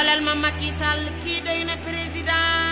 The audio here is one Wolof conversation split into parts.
xoolal ma Macky Sall kii doy na président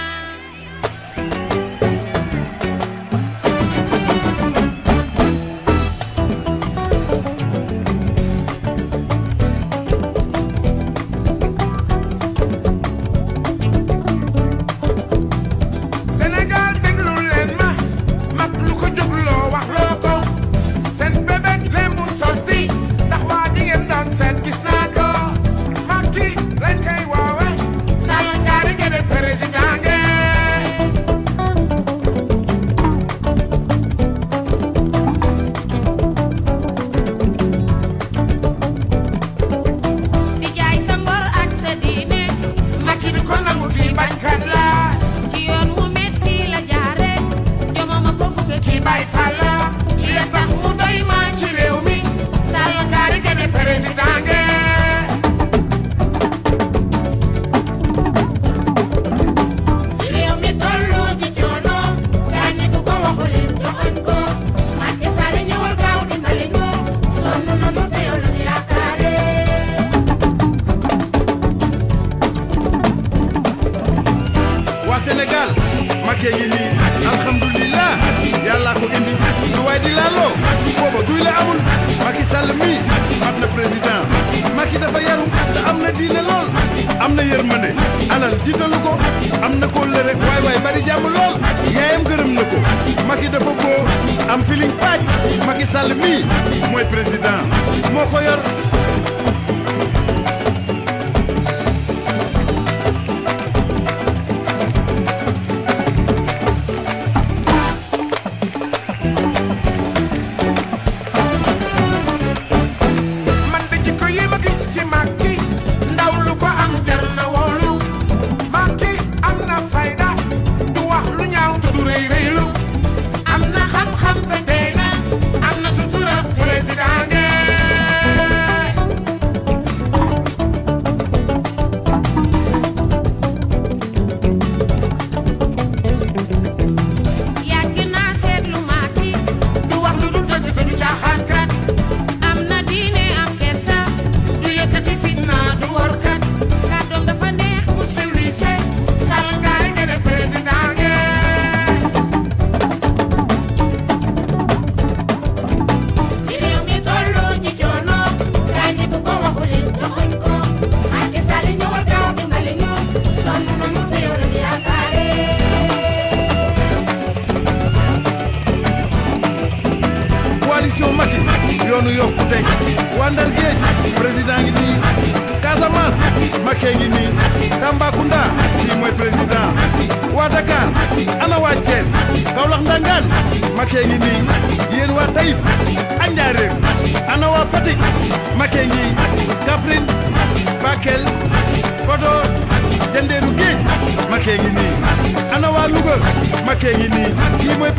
Mbacké ngi nii alhamdulilah yàlla ko indi lu waay di laaloo booba duy la amul Macky Sall mi am na président Macky dafa yaru te am na diine lool am na yërmande alal jiitalu ko am na ko lëre waay waay bari jàmm lool yaayam gërëm na ko Macky dafa boo am feeling paaj Macky Sall mi mooy président moo ko yor gis ci Macky coalition Macky yoonu yokkute waa Ndar Géej président ngi nii Casamance Macky ngi nii Tambacounda kii mooy président waa ana waa Thiès Kaolack ndangaan Macky ngi nii yéen waa Taïf ak ana waa Fatick Macky ngi Kaffrine Bakel Podor Jandeeru Géej Macky ngi nii ana waa Louga Macky ngi nii kii mooy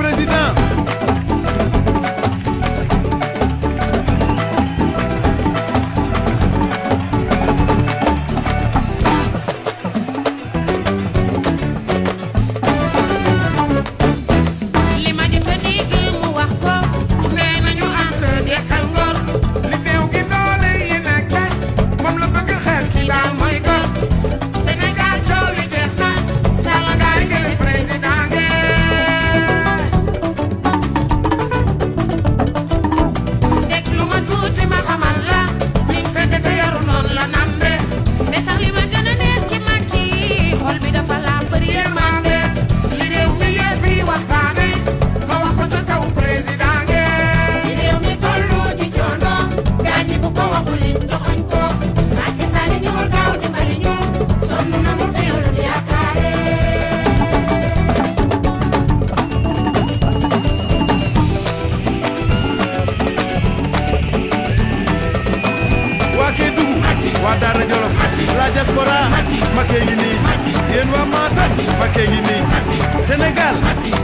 waa diaspora Macky ngi nii yéen waa Matam Macky ngi nii Sénégal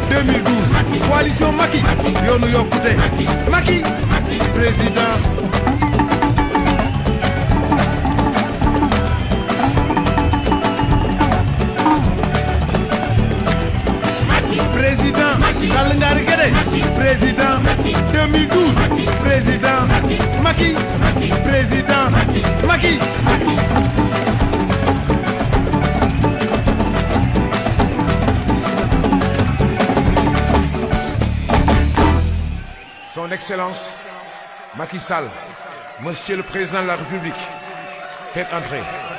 2012 coalition Macky yoonu yokkute Macky président président Sall Ngaari Gédé président 2012 président Macky président Macky Excellence Macky Sall, Monsieur le Président de la République, faites entrer.